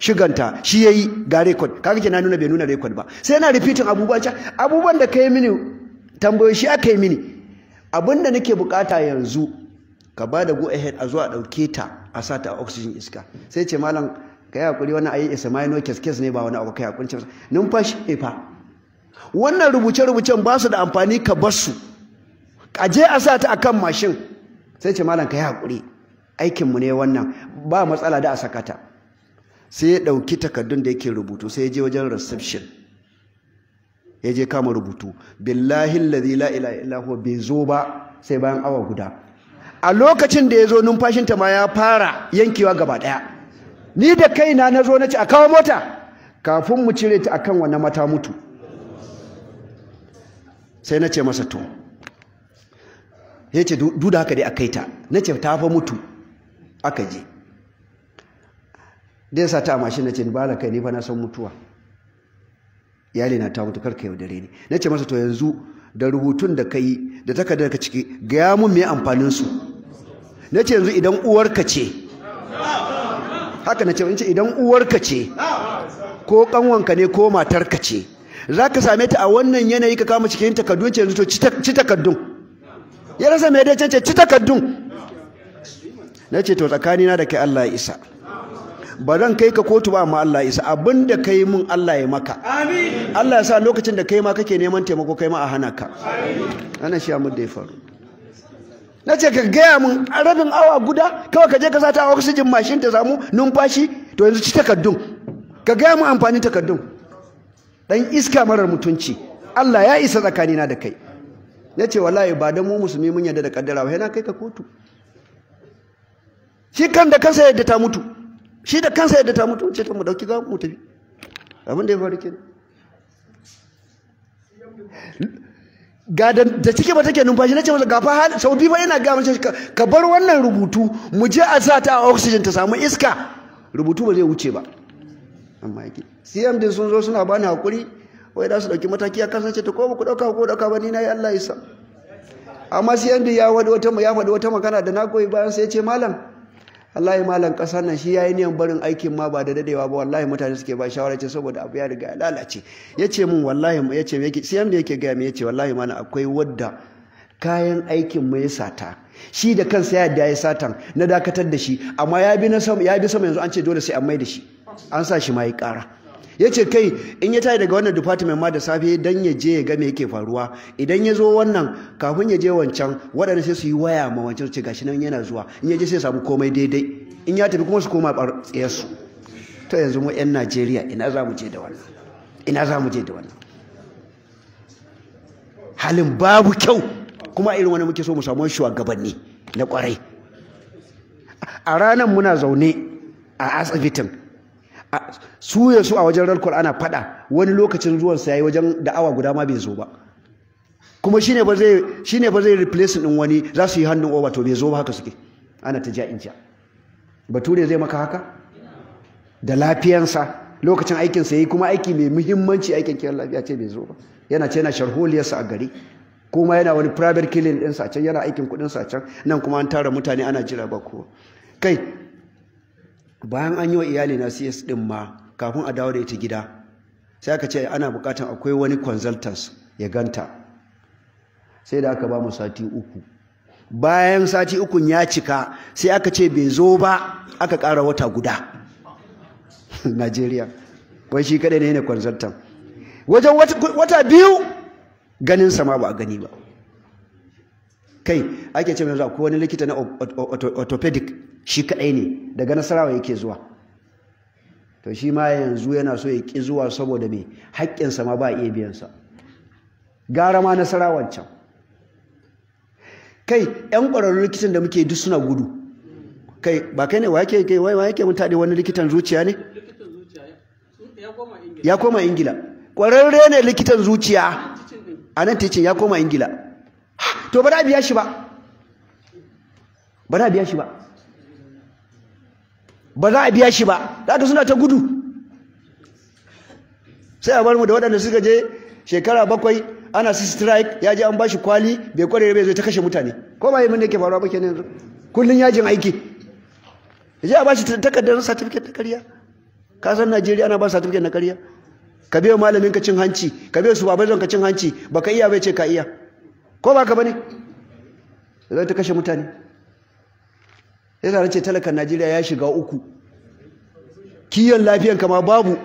shiganta shi yayi ga record kaga kina nuna bai nuna record ba sai yana repeating abubuwan can abubuwan da kai mini tambayoyi shi aka yi mini abinda nake bukata yanzu ka ba da go ahead a zuwa dauke ta a sa ta oxygen iska sai ce malam kai hakuri wannan ayi isa no kes kes ne ba wani abu kai hakuri numfashi ne fa wannan rubuce rubucen ba su da amfani ka bar su a je a sa ta akan mashin sai ce malam kai hakuri aikinmu ne wannan ba matsala da a sakata sai ya ɗauki takardun da yake rubutu sai ya je wajen reception ya je kama rubutu billahi alladhi la ila huwa bai zo ba sai bayan awa guda a lokacin da ya zo numfashinta ma ya fara yankewa gaba ɗaya ni da kaina na zo na ce a kawo mota kafin mu cire ta akan wani mata mutu sai na ce masa to ya ce duda haka dai a kai ta na ce ta fa mutu aka je dai sa ta mashin na ce ni bala kai ni fa na san mutuwa iyali na ta mutu karka yaudare ni na ce masa to yanzu da rubutun da kai da takardar ka ciki gaya mun me amfanin su na ce yanzu idan uwar ka ce haka na ce in ce idan ka ce ko ka ne ko matarka ce za ka same ta a wannan yanayi ka kama cikin takardun ce yanzu to ci takardun ya rasa mai dai ce ci takardun na ce to tsakanina da kai Allah ya isa ba zan kai ka kotu ba amma Allah isa abinda ka yi mun Allah ya maka Allah ya sa lokacin da kai ma kake neman taimako kai ma a hana ka ana shi amin da ya faru na ce ka gaya mun rabin awa guda kawai ka je ka sata oxygen mashin ta samu numfashi to yanzu ci takardun ka gaya mun amfani takardun dan iska marar mutunci Allah ya isa tsakanina da kai na ce wallahi ba da mu musulmi mun yarda da kaddara ba na kai ka kotu shi kan da kansa yadda ta mutu shi da kansa yadda ta mutu ce ta mu dauki mu tafi abin da ya faru kenan ga da cike ba take numfashi na ce masa gafa hal sau biyu ba yana ga mace ka bar wannan rubutu mu je a sa ta a oxygen ta samu iska rubutu ba zai wuce ba amma yake CMD sun zo suna bani hakuri wai da su dauki mataki a kasance ta ko ku dauka ko dauka ba ni nayi Allah ya sa amma CMD ya wata ya faɗi wata magana da na koyi bayan sai ya ce malam wallahi malam kasar nan shi ya yi niyan barin aikin ma ba da dadewa ba wallahi mutane suke ba shawara ce saboda abu ya riga ya lalace yace mun wallahi yace yake sai yanda yake ga me yace wallahi malam akwai wadda kayan aikin mu ya sata shi da kansa ya da ya satan na dakatar da shi amma ya bi na ya bi sama yanzu an ce dole sai an mai da shi an sa shi ma kara ya ce kai in ya tayi daga wannan department ma da safe dan ya je ya ga me yake faruwa idan ya zo wannan kafin ya je wancan waɗanda sai su yi waya ma wancan ce gashi nan yana zuwa in ya je sai samu komai daidai in ya tafi kuma su koma bar tsayarsu to yanzu mu 'yan Najeriya ina za mu je da wannan ina za mu je da wannan halin babu kyau kuma irin wani muke so mu samu shugabanni na kwarai a ranar muna zaune a asibitin su ya su a wajen rarkwar ana fada wani lokacin zuwansa ya yi wajen da awa guda ma bai zo ba kuma shi ne ba zai replace ɗin wani za su yi hannun over to bai zo ba haka suke ana ta ja inja bature zai maka haka da lafiyansa lokacin aikinsa ya yi kuma aiki mai muhimmanci aikin kiyar lafiya ce bai zo ba yana ce yana sharholiyarsa a gari kuma yana wani private killing ɗinsa can yana aikin kuɗinsa can nan kuma an tara mutane ana jira ba kowa kai bayan an yi wa iyali na cs din ma kafin a dawo da ita gida sai aka ce ana bukatan akwai wani consultants ya ganta sai da aka ba mu sati uku bayan sati ukun ya cika sai aka ce bai zo ba aka kara wata guda najeriya wai shi kadai ne ne consultant wajen wata biyu ganin sama ba a gani ba kai ake ce mai zuwa ko wani likita na orthopedic shi kadai ne daga nasarawa yake zuwa to shi ma yanzu yana so ya ki zuwa saboda me haƙƙinsa ma ba a iya biyansa gara ma nasarawan can kai yan ƙwararrun likitan da muke duk suna gudu kai ba kai ne wa yake kai wai yake mun taɗe wani likitan zuciya ne ya koma ingila ƙwararre ne likitan zuciya a nan ticin ya koma ingila to ba biya shi ba ba za a biya shi ba ba za a biya shi ba da aka suna ta gudu sai a bar mu da waɗanda suka je shekara bakwai ana su strike ya ji an ba shi kwali bai kware bai zai ta kashe mutane ko ba yi mun da ke faruwa ba yanzu kullun yajin aiki ya je a ba shi takardar certificate na karya ka san Najeriya ana ba certificate na karya ka biya malamin ka cin hanci ka biya su babajon ka cin hanci baka iya bai ce ka iya ko ba ka bane zai ta kashe mutane sai zara ce talakan najeriya ya shiga uku kiyon lafiyan kama babu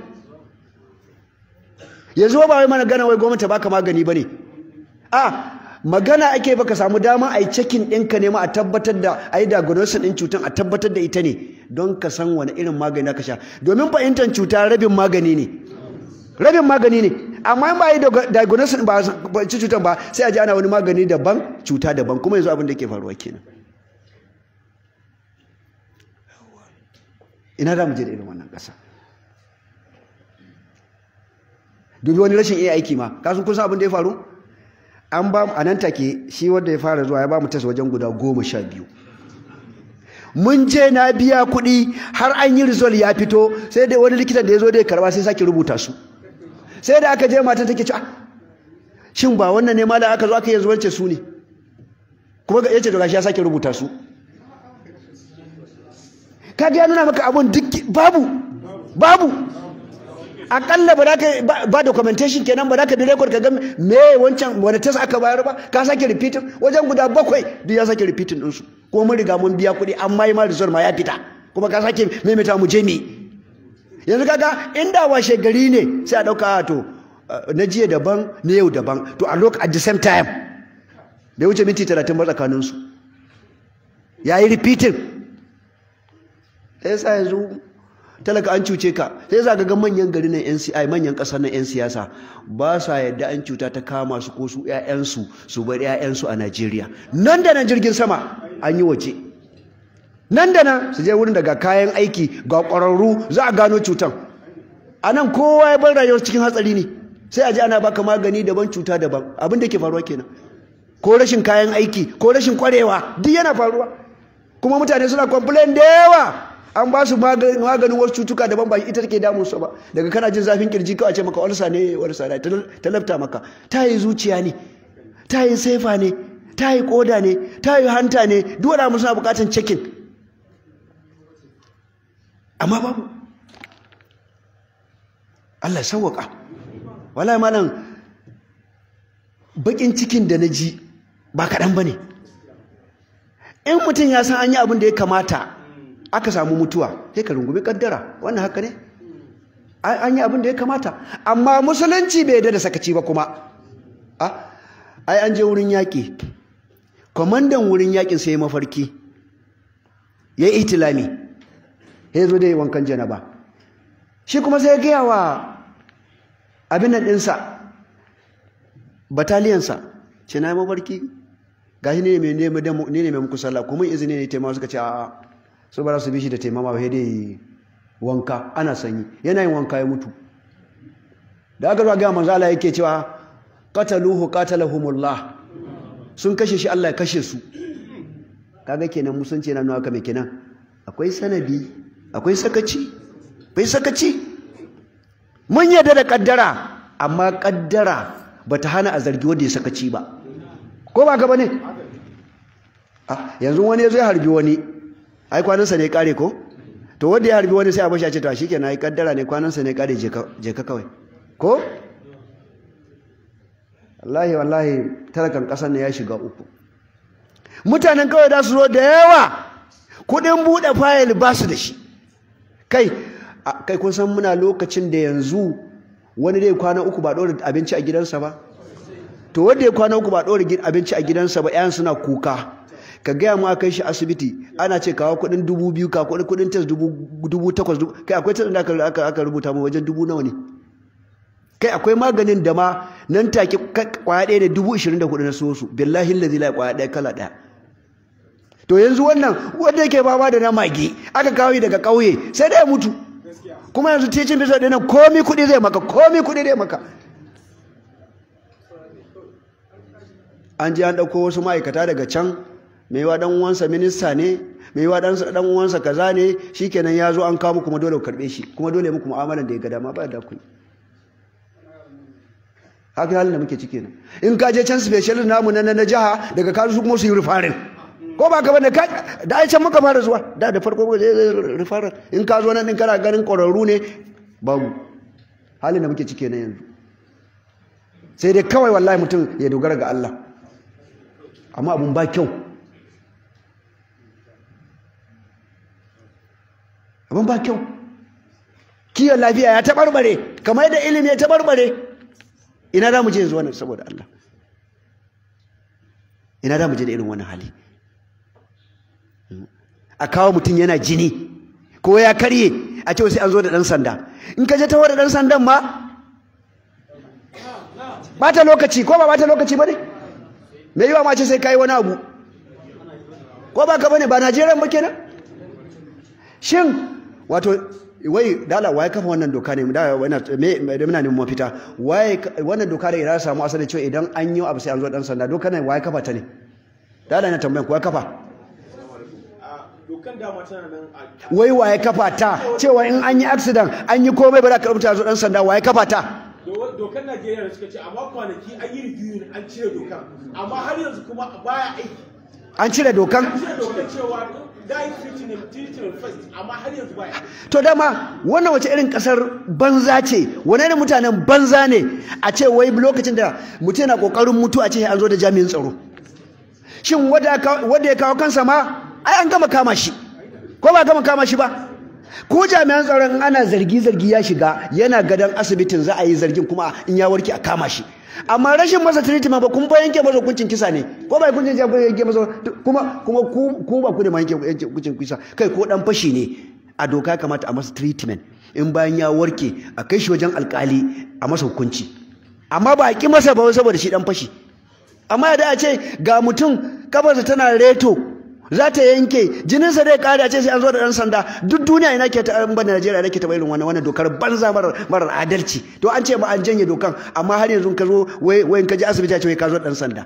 yanzu ba wai mana gana wai gwamnati baka magani bane a magana ake baka samu dama a yi cikin ɗinka nema a tabbatar da a yi diagnosis ɗin cutar a tabbatar da ita ne don ka san wani irin magani ka sha domin fahimtar cuta rabin magani ne rabin magani ne amma in ba yi diagnosis ba ci cutan ba sai a ji ana wani magani daban cuta daban kuma yanzu abin da ke faruwa kenan ina za mu je da irin wannan ƙasa dubi wani rashin iya aiki ma kasu kusa abin da ya faru an ba a nan take shi wanda ya fara zuwa ya ba mu tas wajen guda goma sha biyu mun je na biya kuɗi har an yi rizol ya fito sai dai wani likitan da ya zo da ya karba sai sake rubuta su sai da aka je mata take cewa ah, shin ba wannan ne malam aka zo aka yanzu wance su ne kuma ga yace to gashi ya sake rubuta su kaga ya nuna maka abun duk babu babu akalla ba za ka ba documentation kenan ba za ka bi record ka ga me wancan wani test aka bayar ba ka sake repeat wajen guda bakwai duk ya sake repeat din su ko mun riga mun biya kuɗi amma yi ma result ma ya fita kuma ka sake maimaita mu je mi yanzu kaga inda washe gari ne sai a ɗauka ah, to eh, na jiya daban na yau daban to a look at the same time bai wuce minti talatin ba tsakaninsu ya yi repeating sai sa yanzu talaka an cuce ka sai za ga manyan gari na NCI manyan ƙasar na 'yan siyasa ba sa yadda an cuta ta kama su ko su 'ya'yansu su bar 'ya'yansu a Najeriya nan da nan jirgin sama an yi waje nan da nan su je wurin daga kayan aiki ga ƙwararru za a gano cutan a nan kowa ya bar rayuwar cikin hatsari ne sai a ji ana baka magani daban cuta daban abin da ke faruwa kenan ko rashin kayan aiki ko rashin ƙwarewa duk yana faruwa kuma mutane suna complain da yawa an ba su maganin wasu cutuka daban ba ita take damun su ba daga kana jin zafin kirji kawai ce maka walsa ne walsa ne talabta maka ta yi zuciya ne ta yi saifa ne ta yi koda ne ta yi hanta ne duk wanda musu na bukatan cikin amma babu Allah wala wallahi malam bakin cikin da na ji ba kaɗan ba ne in mutum ya san an yi abin da ya kamata aka samu mutuwa sai ka rungumi kaddara wannan haka ne an yi abin da ya kamata amma musulunci bai da sakaci ba kuma ah, ai an je wurin yaƙi kwamandan wurin yaƙin sai mafarki ya yi itilami ya zo da yi wankan janaba shi kuma sai ya gaya wa abin nan ɗinsa bataliyansa ce na yi mabarki ga shi ne mai ne mai muku sallah kuma izini ne taimawa suka ce a'a su ba su bi shi da taimama ba dai wanka ana sanyi yana yin wanka ya mutu da aka zuwa gaya manzo Allah yake cewa qataluhu qatalahumullah sun kashe shi Allah ya kashe su kaga kenan musunci na nawa mai kenan akwai sanadi akwai sakaci bai sakaci mun yarda da kaddara amma kaddara ta hana a zargi wanda ya sakaci ba ko ba gaba ne yanzu wani ya zai ya harbi wani ai kwanansa ne kare ko to wanda ya harbi wani sai a bashi a ce to shikenan ai kaddara ne kwanansa ne kare je ka kawai ko wallahi wallahi talakan ƙasar ne ya shiga uku mutanen kawai da su zo da yawa kuɗin buɗe fayil ba su da shi kai kai kun san muna lokacin da yanzu wani dai kwana uku ba ɗora abinci a gidansa ba to wanda ya kwana uku ba ɗora abinci a gidansa ba 'yan suna kuka ka gaya mu kai shi asibiti ana ce kawo kuɗin dubu biyu ka kuɗin kuɗin tes dubu takwas kai akwai test da aka rubuta mu wajen dubu nawa ne kai akwai maganin da ma nan take kwaya ɗaya da dubu ishirin da kuɗi na so su billahi lazi la kwaya ɗaya kala ɗaya to yanzu wannan wanda yake fama da na mage aka kawo daga kauye, sai da ya mutu kuma yanzu teaching bisa da nan komi kuɗi zai maka komi kuɗi zai maka an je an ɗauko wasu ma'aikata daga can mai wa dan uwansa minista ne mai wa dan uwansa kaza ne shikenan ya zo an kawo kuma dole ku karɓe shi kuma dole muku mu'amalan da ya ga dama ba da kuɗi. haka halin da muke ciki ne in ka je can specialist namu na na jiha daga kasu kuma su yi rufarin ko ba ka bane ka da ai can muka fara zuwa da da farko referral in ka zo nan din kana ganin ƙwararru ne babu halin da muke cike na yanzu sai dai kawai wallahi mutum ya dogara ga Allah amma abun ba kyau abun ba kyau kiyon lafiya ya taɓarɓare kamar yadda ilimi ya taɓarɓare ina za mu je yanzu wannan saboda Allah ina za mu je da irin wani hali a kawo mutum yana jini ko ya karye a ce sai an zo da ɗan sanda in ka je taho da ɗan sandan ma Ba ta lokaci ko ba bata lokaci ba ne? me yiwa mace sai kayi wani abu ko ba ka bane ba Najeriya ba kenan shin wato wai dala waye kafa wannan doka ne da wannan me da muna neman mafita waye wannan doka da ya samu asali cewa idan an yi abu sai an zo dan sanda doka ne waye kafa ta ne dala na tambayan kuwa kafa wai waye kafa ta cewa in an yi accident an yi komai ba za ka rubuta zo dan sanda waye kafa ta dokar Najeriya da suka ce amma kwanaki an yi review an cire dokar amma har yanzu kuma baya aiki an cire dokan an cire dokar cewa To dama wannan wace irin kasar banza ce, wane ne mutanen banza ne a ce wai lokacin da mutum yana kokarin mutu a ce an zo da jami'in tsaro. Shin wadda ya kawo kansa ma ai an gama kama shi ko ba gama kama shi ba ko jami'an tsaron ana zargi zargi ya shiga yana gadon asibitin za a yi zargin kuma in ya warke a kama shi amma rashin masa treatment ba kun ba yanke masa hukuncin kisa ne ko ba hukuncin kisa yanke masa kuma kuma ku ba ku ma yanke hukuncin kisa kai ko dan fashi ne a doka kamata a masa treatment in bayan ya warke a kai shi wajen alkali a masa hukunci amma ba a ki masa ba saboda shi dan fashi amma da a ce ga mutum kafarsa tana reto za ta yanke jininsa zai kare a ce sai an zo da ɗan sanda duk duniya ina ke ta ban Najeriya ke ta bayin wannan wannan dokar banza marar adalci to an ce ma an janye dokan amma har yanzu ka zo wai wai ka je asibiti a ce wai ka zo da ɗan sanda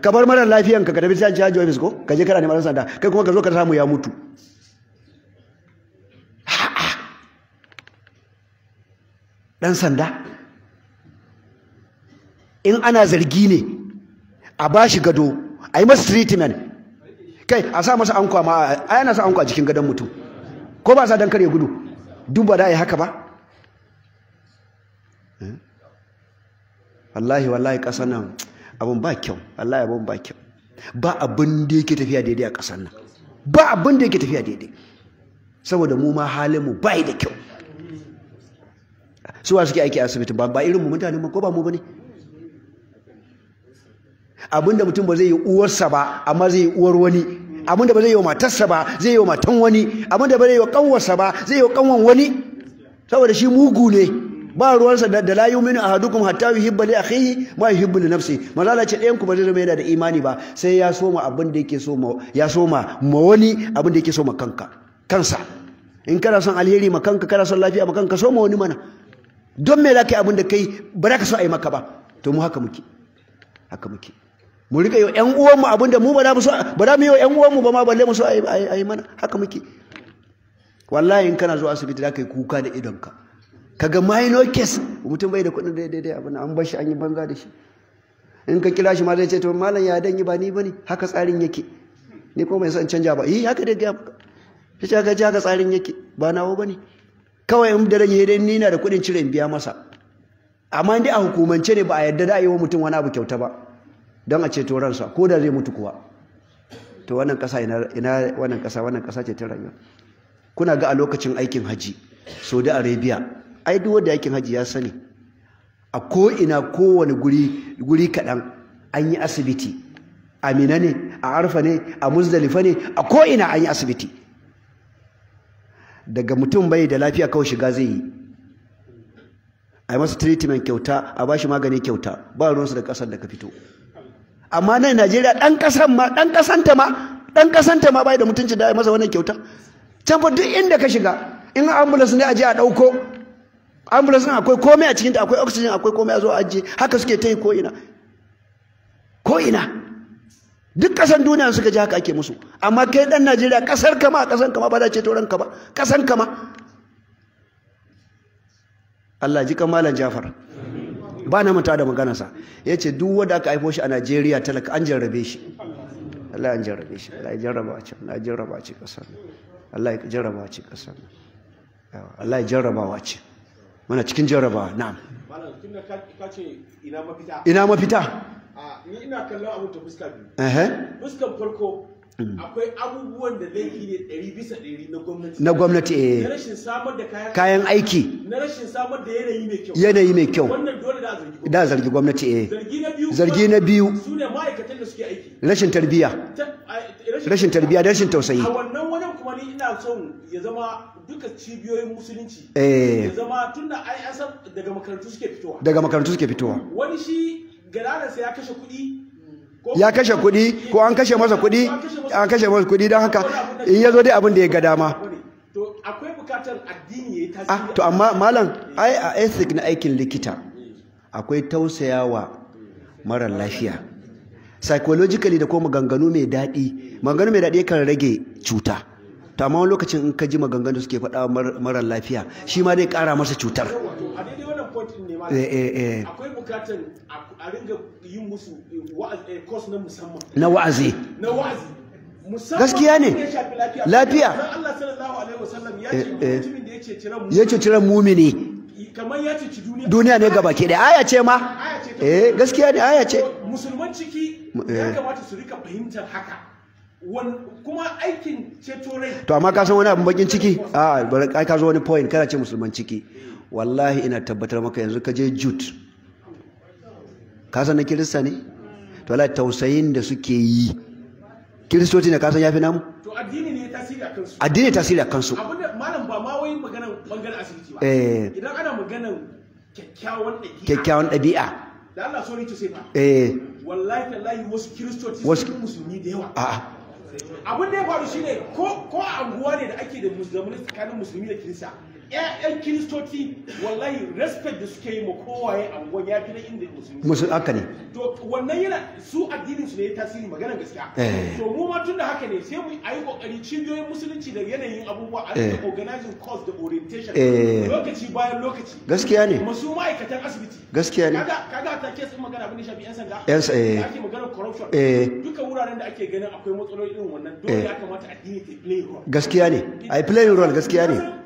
ka bar marar lafiyan ka ka dabi sai ya jiwa ko ka je kana neman sanda kai kuma ka zo ka samu ya mutu ɗan sanda in ana zargi ne a bashi gado a yi masa treatment kai a sa masa anko ma a yana sa anko a jikin gadon mutum ko ba sa dan kare gudu duk ba da yi haka ba eh? wallahi wallahi kasan nan abun ba kyau wallahi abun ba kyau ba abin da yake tafiya daidai a kasan nan ba abin da yake tafiya daidai saboda mu ma halin mu bai da kyau suwa suke aiki a asibiti ba irin mu mutane ko ba mu bane abinda mutum ba zai yi uwarsa ba amma zai yi uwar wani abinda ba zai yi wa matarsa ba zai yi wa matan wani abinda ba zai yi wa kanwarsa ba zai yi wa kanwan wani saboda shi mugu ne ba ruwansa da la yu'minu ahadukum hatta yuhibba li akhihi ma yuhibbu li nafsi mazala ce ɗayan ku ba zai zama yana da imani ba sai ya soma abin da yake so ma ya soma ma wani abin da yake so ma kanka kansa in kana son alheri ma kanka kana son lafiya ma kanka so ma wani mana don me za ka yi abin da kai ba za ka so a yi maka ba to mu haka muke haka muke mu rika yau 'yan uwanmu abinda mu ba da mu yi wa ƴan uwanmu ba ma balle mu so a yi mana haka muke wallahi in kana zuwa asibiti da ka yi kuka da idonka ka ga minor case mutum bai da kuɗin daidai dai abin an bar shi an yi banga da shi in ka kira shi ma zai ce to malam ya danyi ba ni bane haka tsarin yake ni ko mai son canja ba yi haka gaya ga shi ka ji haka tsarin yake ba nawo bane kawai in da ranye dai ni na da kuɗin cire in biya masa amma dai a hukumance ne ba a yarda da a yi wa mutum wani abu kyauta ba don a ceto ransa ko da zai mutu kuwa to wannan kasa ina wannan kasa wannan kasa ce ta rayuwa kuna ga a lokacin aikin haji saudi arabia ai duk wanda aikin haji ya sani a ko ina kowane guri guri kaɗan an yi asibiti a mina ne a arfa ne a muzdalifa ne a ko ina an yi asibiti daga mutum bai da lafiya kawai shiga zai yi a yi masa treatment kyauta a ba shi magani kyauta ba ruwansu da ƙasar da ka fito amma nan Najeriya dan kasan ma dan ta ma dan ta ma bai da mutunci da masa wannan kyauta can fa duk inda ka shiga in ambulance ne a je a dauko ambulance akwai komai a cikin ta akwai oxygen akwai komai a zo a ajiye haka suke ta yi ko ina ko ina duk kasan duniya suka ji haka ake musu amma kai dan Najeriya kasar kama kasan kama ba za ce toran ka ba kasan kama Allah ji kan Malam Jafar ba na mata da maganarsa ya ce duk wadda aka haifo shi a najeriya talaka an jarrabe shi Allah ya jarrabe shi Allah ya jarraba ce Allah ya jarraba ce kasar Allah ya jarraba ce kasar Allah ya a ce muna cikin jarrabawa na ina mafita ina mafita ni ina kallon abu ta fuska biyu fuskan farko Hmm. akwai da laifi na gwamnati na gwamnati eh. rashin samar kayan aiki na rashin samar da yanayi mai kyau yanayi mai kyau da zargi gwamnati eh zargi na biyu rashin tarbiyya rashin tarbiyya da rashin tausayi a wannan wajen kuma ni ina son ya zama duka cibiyoyin musulunci eh. ya zama da ai daga makarantu suke fitowa daga makarantu suke fitowa wani shi garanansa ya kashe kuɗi ya kashe kuɗi ko an kashe masa kuɗi an kashe masa kuɗi don haka in yazo dai abin da ya ga dama to akwai bukatar addini ya yi tasiri ah, to amma malam ai a ethic na aikin likita akwai tausayawa mara lafiya psychologically da ko maganganu mai daɗi maganganu mai daɗi kan rage cuta to amma wani lokacin in ka ji maganganu suke faɗa mara lafiya shi ma dai ƙara masa cutar eh eh eh bukatan a ringa yin musu eh, eh, course na musamman na wa'azi na wa'azi gaskiya ne lafiya ya ce eh, mutumin mumini kamar ya ceci duniya duniya ne gabaki da aya ce ma eh gaskiya ne aya ce musulman ciki ya kamata su rika fahimtar haka kuma aikin ceto rai to amma ka san wani abin bakin ciki a bari ka zo wani point kana ce musulman ciki wallahi ina tabbatar maka yanzu ka je jute kasa na kirista ne to Allah tausayin da suke yi kiristoci ne ka san yafi namu to addini ne tasiri a kansu addini tasiri a kansu abinda malam ba ma wai maganan bangaren asibiti ba eh. idan ana maganan kyakkyawan ɗabi'a kyakkyawan ɗabi'a da Allah sori to sai ba eh wallahi tallahi wasu kiristoci sun musulmi da yawa a'a abin da ya faru shine ko ko a anguwa ne da ake da musulmi tsakanin musulmi da kirista ƴaƴan kiristoci wallahi respect da suke yi ma kowaye angon ya fi na inda musulmi musulmi haka ne to wannan yana su addinin su ne tasiri magana gaskiya eh. to mu ma tun da haka ne sai mu yi ayi kokari cibiyoyin musulunci da yanayin abubuwa a rika eh. organizing course da orientation eh. lokaci bayan lokaci gaskiya ne masu ma'aikatan asibiti gaskiya ne kaga ta kes din magana abin da shafi yan sanda yan eh ake magana corruption duka wuraren da ake ganin akwai matsaloli irin wannan dole ya kamata addini ta play role gaskiya ne ai play role gaskiya ne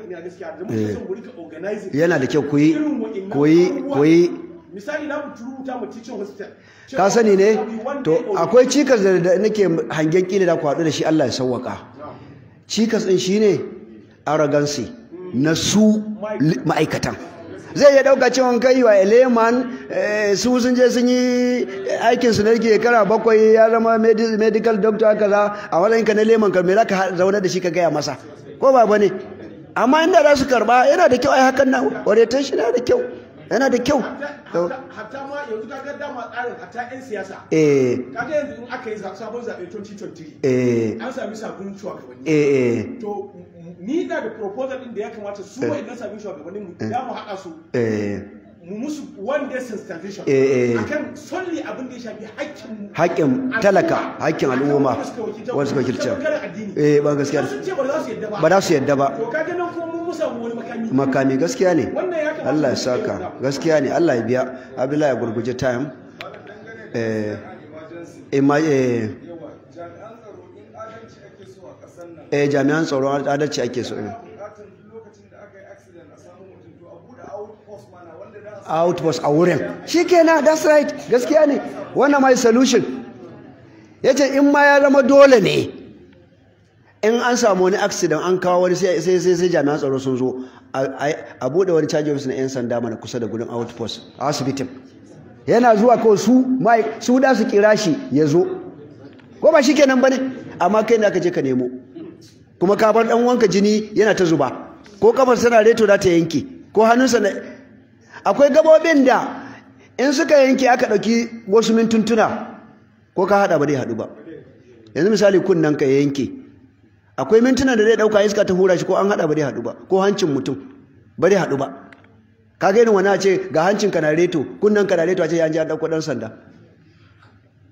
gaskiya da muke eh, son organizing yana da kyau ku yi ku yi ku yi misali na mutu rubuta mu teaching hostel ka sani ne to akwai cikas da nake hangen kila da ku haɗu da shi Allah ya sawwaka cikas din shine arrogance na su ma'aikatan zai iya dauka cewa kai wa eleman eh, su sun je sun yi aikin su na kara bakwai ya zama medical doctor kaza a ka na leman ka me za ka zaune da shi ka gaya masa ko ba bane amma inda za su karba yana da kyau ai hakan nan orientation yana da kyau yana da kyau hatta ma yanzu kaga dama tsarin hatta yan siyasa eh kaga yanzu in aka yi sabon zabe 2023 eh. an sami sabon shugabanni eh, eh. to ni na da proposal din da ya kamata su eh. wayannan sabon shugabanni mu da mu haɗa su musu one eh, eh, eh. da ya shafi talaka haƙƙin al'umma suka kirce eh ba gaskiya ba za su yadda ba makami gaskiya ne Allah ya saka gaskiya ne Allah ya biya Abdullahi ya gurguje time eh jami'an tsaron adalci ake so outpost a wurin na that's right gaskiya ne wannan mai solution yace in ma ya zama dole ne in an samu wani accident an kawo wani sai sai jami'an tsaro sun zo a bude wani charge office na yan sanda mana kusa da gudun outpost a asibitin yana zuwa ko su mai su da su kira shi ya zo ko ba shikenan bane amma kai ne aka je ka nemo kuma ka bar dan wanka jini yana ta zuba ko kafar sana reto za ta yanke ko hannunsa akwai gabobin da in suka yanke aka ɗauki wasu mintuntuna ko ka haɗa ba dai haɗu ba yanzu misali kunnen ka yanke akwai mintuna da zai ɗauka iska ta hura shi ko an haɗa ba dai haɗu ba ko hancin mutum ba dai haɗu ba ka ga wani a ce ga hancin ka na reto Kunnan ka na reto a ce ya ji an ɗauko ɗan sanda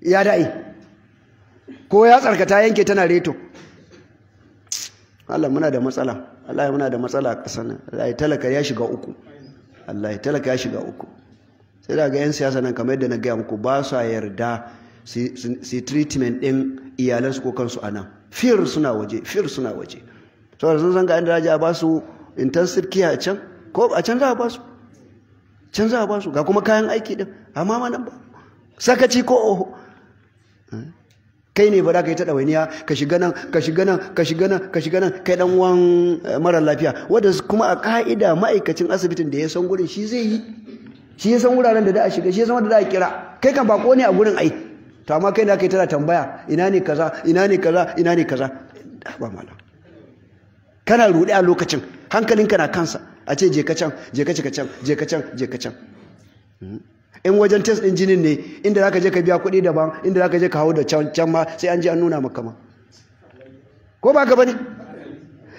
ya da'i ko ya tsarkata yanke tana reto Allah muna da matsala Allah muna da matsala a ƙasar nan talaka ya shiga uku Allah ya talaka ya shiga uku sai daga yan siyasa nan kamar yadda na gaya muku ba su yarda su treatment din iyalansu ko kansu a nan fear suna waje fear suna waje to sun san ga inda za a ba su intensive care a can ko a can za a ba su can za a ba su ga kuma kayan aiki din amma ma nan ba sakaci ko oho eh? kai ne ba za ka yi ta ɗawainiya ka shiga nan ka shiga nan ka shiga nan ka shiga nan kai dan uwan eh, mara lafiya wanda kuma a ka'ida ma'aikacin asibitin da ya san gurin shi zai yi shi ya san wuraren da da a shiga shi ya san wanda da a kira kai kan bako ne a gurin ai to amma kai da kai tana tambaya ina ne kaza ina ne kaza ina ne kaza ah, ba malam kana rude a lokacin hankalinka na kansa a ce je ka can je ka can je ka can je ka can hmm. in wajen test din jinin ne inda zaka je ka biya kuɗi daban inda zaka je ka hau da can ma sai an je an nuna maka ma ko ba ka bane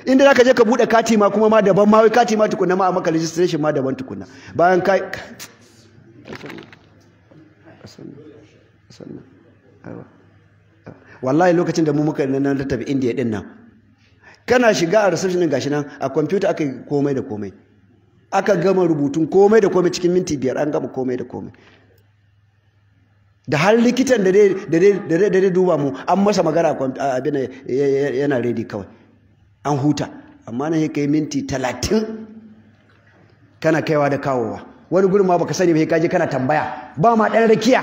inda zaka je ka bude kati ma kuma ma daban ma wai kati ma tukunna ma a maka registration ma daban tukunna bayan kai. wallahi lokacin da mu muka nan tafi indiya din nan kana shiga a reception din gashi nan a computer aka komai da komai aka gama rubutun komai da komai cikin minti biyar an gama komai da komai da har likitan da dai duba mu an masa magana abin yana redi kawai an huta amma na ya kai minti talatin kana kaiwa da kawowa wani gurin ba baka sani ba kaje kana tambaya ba ma ɗan rakiya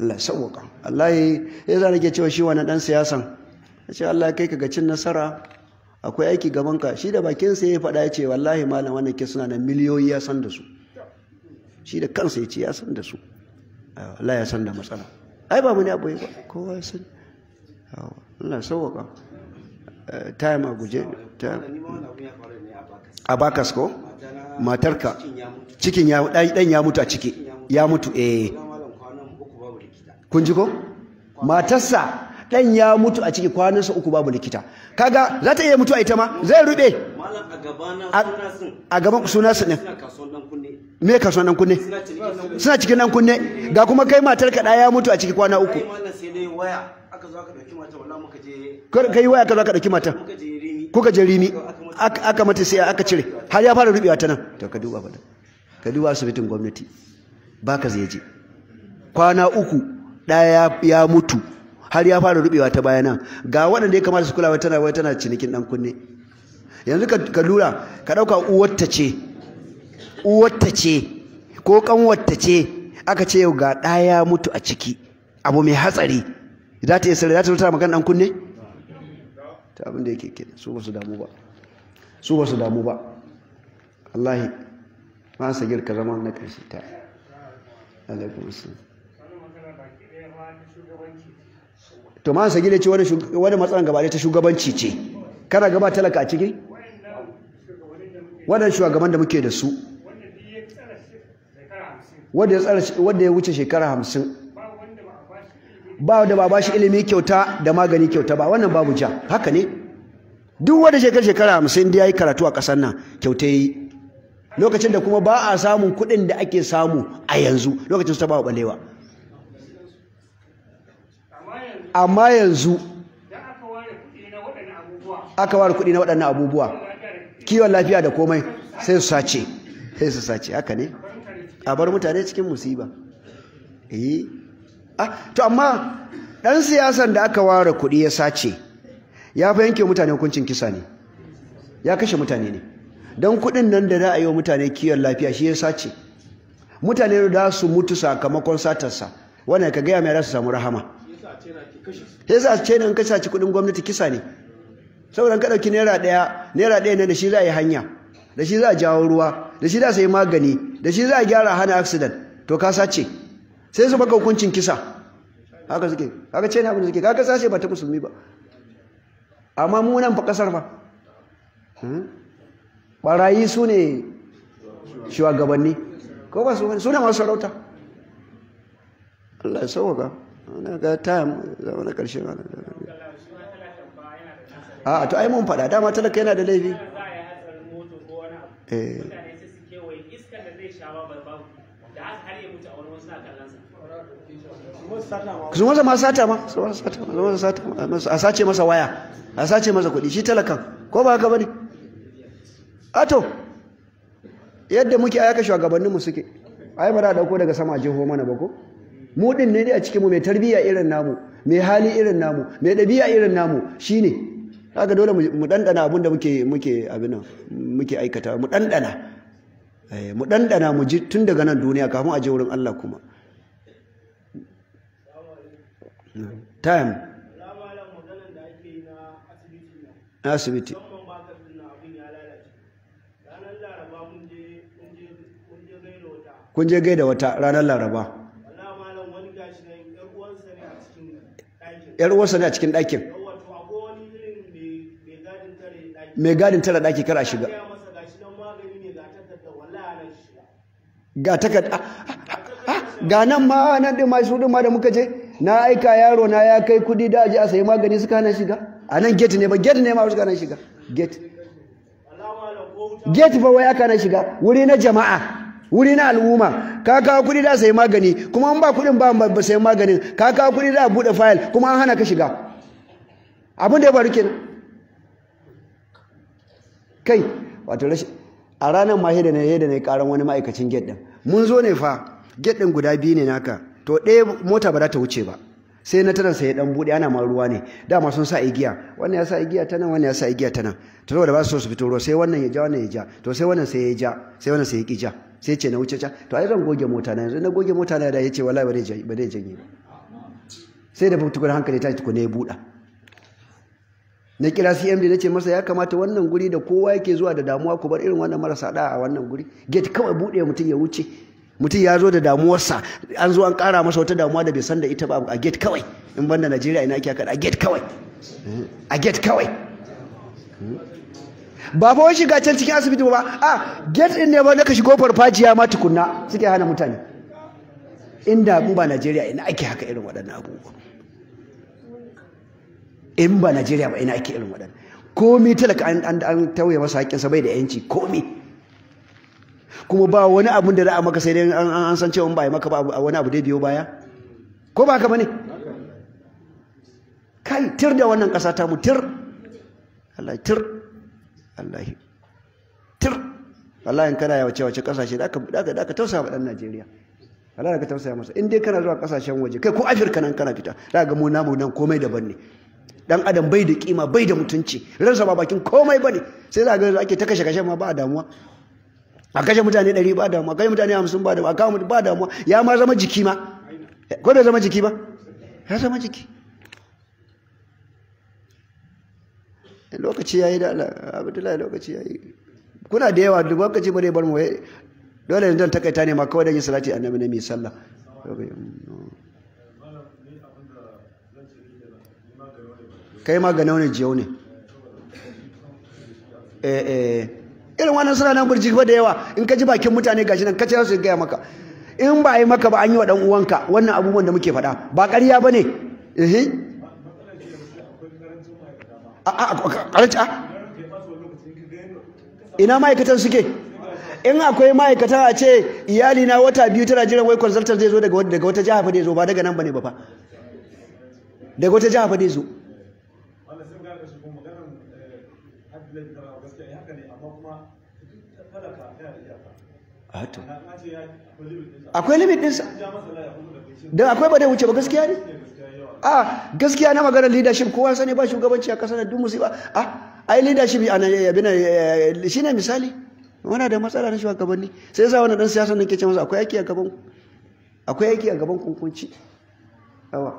Allah sauwaka Allah ya zara ke cewa shi wani ɗan siyasan a ce Allah kai ka gacin cin nasara akwai aiki gaban ka shi da bakin sa ya faɗa ya ce wallahi malam wannan ke suna da miliyoyi ya san da su shi da kansa ya ce ya san da su ah, Allah ya san da matsala ai ba mu ne abu ba kowa ya san ah, Allah sauwaka eh, time a guje a bakas ko matarka cikin ya dan ya mutu a ciki ya mutu eh kun ji ko matarsa dan ya mutu a ciki kwanan sa uku babu likita kaga za ta iya mutu a ita ma zai rube a gaban suna su ne me kaso nan kunne suna cikin nan kunne ga kuma kai matar ka ya mutu a ciki kwana uku kai waya ka zo ka dauki matar kuka je rimi aka mata sai aka cire har ya fara rubewa ta nan to ka duba fa ka duba asibitin gwamnati baka zai je kwana uku ɗaya ya mutu har ya fara rubewa ta nan ga waɗanda ya kamata su kula tana wai tana cinikin dan kunne yanzu ka lura ka ɗauka uwarta ce uwarta ce ko kanwarta ce aka ce yau ga ɗaya mutu a ciki abu mai hatsari za ta yi sarari za ta tara magana dan kunne ta abin da yake kenan su ba su damu ba su ba su damu ba wallahi ma ka zama na karshe ta alaikum assalam to ma gile ce wani matsalan gaba ta shugabanci ce kana gaba talaka a ciki wannan shugaban da muke da su wanda ya wuce shekara hamsin ba wanda ba bashi ilimi kyauta da magani kyauta ba wannan babu ja haka ne duk wanda shekara shekara hamsin da ya yi karatu a ƙasar nan kyauta ya yi lokacin da kuma ba a samun kuɗin da ake samu a yanzu lokacin su ta ba wa ɓalewa amma yanzu aka ware kuɗi na waɗannan abubuwa kiwon lafiya da komai sai su sace sai su sace haka ne a bar mutane cikin musiba eh ah, to amma ɗan siyasan da aka ware kuɗi ya sace ya fa yanke mutane hukuncin kisa ne ya kashe mutane ne don kuɗin nan da za a yi wa mutane kiwon lafiya shi ya sace mutane da su mutu sakamakon satarsa wannan ka gaya mai za su samu rahama yasa a china in ka saci kudin gwamnati kisa ne saboda ka dauki naira daya naira daya ne da shi za a yi hanya da shi za a jawo ruwa da shi za a sayi magani da shi za a gyara hana accident to ka sace sai su baka hukuncin kisa haka suke haka china abin suke kaga sace ba ta musulmi ba amma mu nan fa kasar fa barayi hmm? su ne shugabanni ko ba su ne su ne masu sarauta Allah ya sauka na ga time zama na karshe ma a to ai mun faɗa dama talaka yana da laifi eh. su masa ma sata ma su masa sata ma su masa sata ma a sace masa waya a sace masa kuɗi shi talakan ko ba haka bane ato yadda muke ayaka shugabanninmu suke ai ba da dauko daga sama jiho mana ba ko mu din ne dai a cikin mu mai tarbiyya irin namu mai hali irin namu mai ɗabi'a irin namu shine haka dole mu dandana abin da muke muke abin muke aikata mu dandana eh, mu dandana mu ji tun daga nan duniya kafin a je wurin Allah kuma time asibiti kun je gaida wata ranar laraba yar uwarsa ne a cikin ɗakin mai gadin tara ɗaki kar a shiga ga takarda ah, ah, ah, ga nan ma nan ɗin masu ɗin ma da muka je na aika yaro na ya kai kuɗi da aji a sayi magani suka hana shiga a nan gate ne ba gate ne ma suka hana shiga gate gate ba wai aka hana shiga wuri na jama'a wuri na al'umma ka kawo kuɗi da sai magani kuma an ba kuɗin ba ba sai maganin ka kawo kuɗi da buɗe fayil kuma an hana ka shiga abin da ya faru kenan kai wato rashin a ranar ma da ne da ne karan wani ma'aikacin gate din mun zo ne fa gate din guda biyu ne naka to ɗaya mota ba za ta wuce ba sai na tana sai dan bude ana ma ruwa ne dama sun sa igiya wannan ya sa igiya tana wannan ya sa igiya tana to saboda ba su so su fito ruwa sai wannan ya ja wannan ya ja to sai wannan sai ya ja sai wannan sai ya ki ja sai ce na wuce can to ai zan goge mota na yanzu na goge mota na da ya ce wallahi ba zai janye ba sai da tukun hankali ta tukun ya buɗa na kira cmd na ce masa ya kamata wannan guri da kowa yake zuwa da damuwa ku bar irin wannan marasa da a wannan guri gate kawai buɗe mutum ya wuce mutum ya zo da damuwarsa an zo an ƙara masa wata damuwa da bai san da ita ba a gate kawai in banda najeriya ina ake haka a gate kawai eh, a gate kawai hmm. ba fa wai shiga can cikin asibiti ba a gate din ne ba na ka shigo farfajiya ma tukunna suke hana mutane inda mu ba Najeriya ina ake haka irin waɗannan abubuwa in ba Najeriya ba ina ake irin waɗannan komi talaka an an an tauye masa haƙƙinsa bai da yanci komi kuma ba wani abun da za a maka sai dai an san cewa ba yi maka ba wani abu dai biyo baya ko ba haka bane kai tir da wannan ƙasa ta mu tir Allah tir wallahi tir wallahi kana ya wace kasashe da aka da aka tausaya wa dan Najeriya wallahi ka tausaya masa in dai kana zuwa kasashen waje kai ko Afirka nan kana fita za ga mu namu nan komai daban ne dan adam bai da kima bai da mutunci ransa ba bakin komai bane sai za ga ake ta kashe kashe ma ba damuwa a kashe mutane 100 ba damuwa a kashe mutane 50 ba damuwa a kawo ba damuwa ya ma zama jiki ma ko da zama jiki ba ya zama jiki lokaci ya yi da Allah Abdullahi lokaci ya yi kuna da yawa duk lokaci bare bar mu eh, dole yanzu takaita ne ma kawai don yin salati annabi ne mai sallah mm, kai ma ga naunin jiyau ne eh, eh. irin wannan suna nan burji ba da yawa in ka ji bakin mutane gashi nan kace su gaya maka in ba yi maka ba an yi wa dan uwanka wannan abubuwan da muke faɗa ba ƙarya ba ne a ina ma'aikatan suke in akwai ma'aikata a ce iyali na wata biyu tana jiran wai consultant zai zo daga wata jihar fa zo ba daga nan ba ne ba fa daga wata jihar fa zo akwai limit ɗinsa don akwai ba dai wuce ba gaskiya ne a gaskiya na magana leadership kowa sani ba shugabanci a kasar duk musiba a ai leadership ana yabi eh, eh, shine misali wana da matsala na shugabanni sai yasa wani dan siyasa nan ke ce masa akwai aiki a gaban akwai yaki a gaban kunkunci awa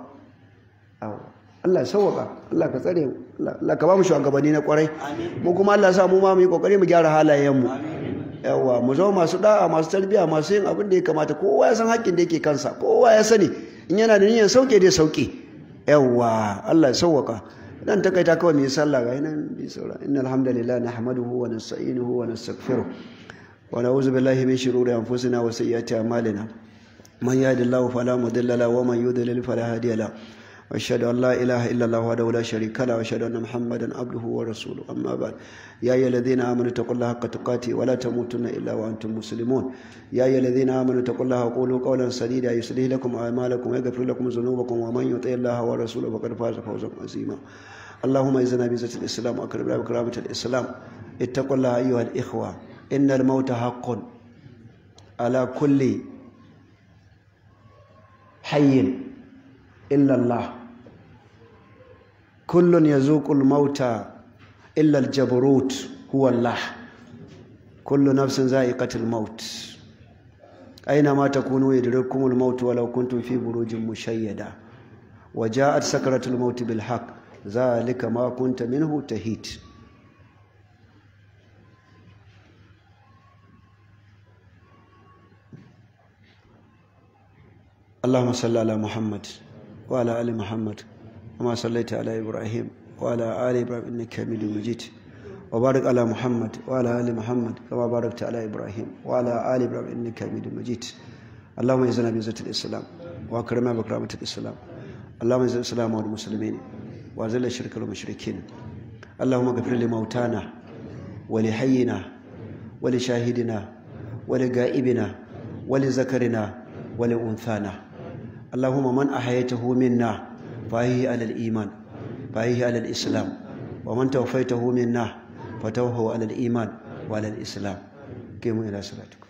awa Allah ya sauwaka Allah ka tsare mu Allah ka ba mu shugabanni na kwarai mu kuma Allah ya sa mu ma mu yi kokari mu gyara halayen mu yawa mu zama masu da'a masu tarbiya masu yin abin da ya kamata kowa ya san haƙƙin da yake kansa kowa ya sani in yana da niyyar sauke dai sauke yawwa Allah ya sauwaka dan takaita kawai mu sallah ga nan bi saura innal hamdalillah nahmaduhu wa nasta'inuhu wa nastaghfiruh wa na'udzu billahi min shururi anfusina wa sayyiati a'malina man yahdihillahu fala mudilla lahu wa man yudlil fala hadiya lahu واشهد ان لا اله الا الله وحده لا شريك له واشهد ان محمدا عبده ورسوله اما بعد يا ايها الذين امنوا اتقوا الله حق تقاته ولا تموتن الا وانتم مسلمون يا ايها الذين امنوا اتقوا الله وقولوا قولا سديدا يصلح لكم اعمالكم ويغفر لكم ذنوبكم ومن يطع الله ورسوله فقد فاز فوزا عظيما اللهم اعزنا بعزه الاسلام واكرمنا بكرامه الاسلام اتقوا الله ايها الاخوه ان الموت حق على كل حي الا الله kullun yazuqul mauta illal jabrut huwa Allah kullu nafsin za'iqatul maut aina ma takunu yadrikumul maut walau kuntum fi burujin mushayyada وجاءت سكرة الموت بالحق ذلك ما كنت منه تهيت اللهم صل على محمد وعلى ال محمد كما صليت على إبراهيم وعلى آل إبراهيم إنك حميد مجيد وبارك على محمد وعلى آل محمد كما باركت على إبراهيم وعلى آل إبراهيم إنك حميد مجيد اللهم اعزنا بعزة الإسلام وأكرمنا بكرامة الإسلام اللهم اعز الإسلام والمسلمين وأذل الشرك والمشركين اللهم اغفر لموتانا ولحينا ولشاهدنا ولغائبنا ولذكرنا ولأنثانا اللهم من أحييته منا فأيه على الإيمان فأيه على الإسلام ومن توفيته منا فتوه على الإيمان وعلى الإسلام قيموا إلى صلاتكم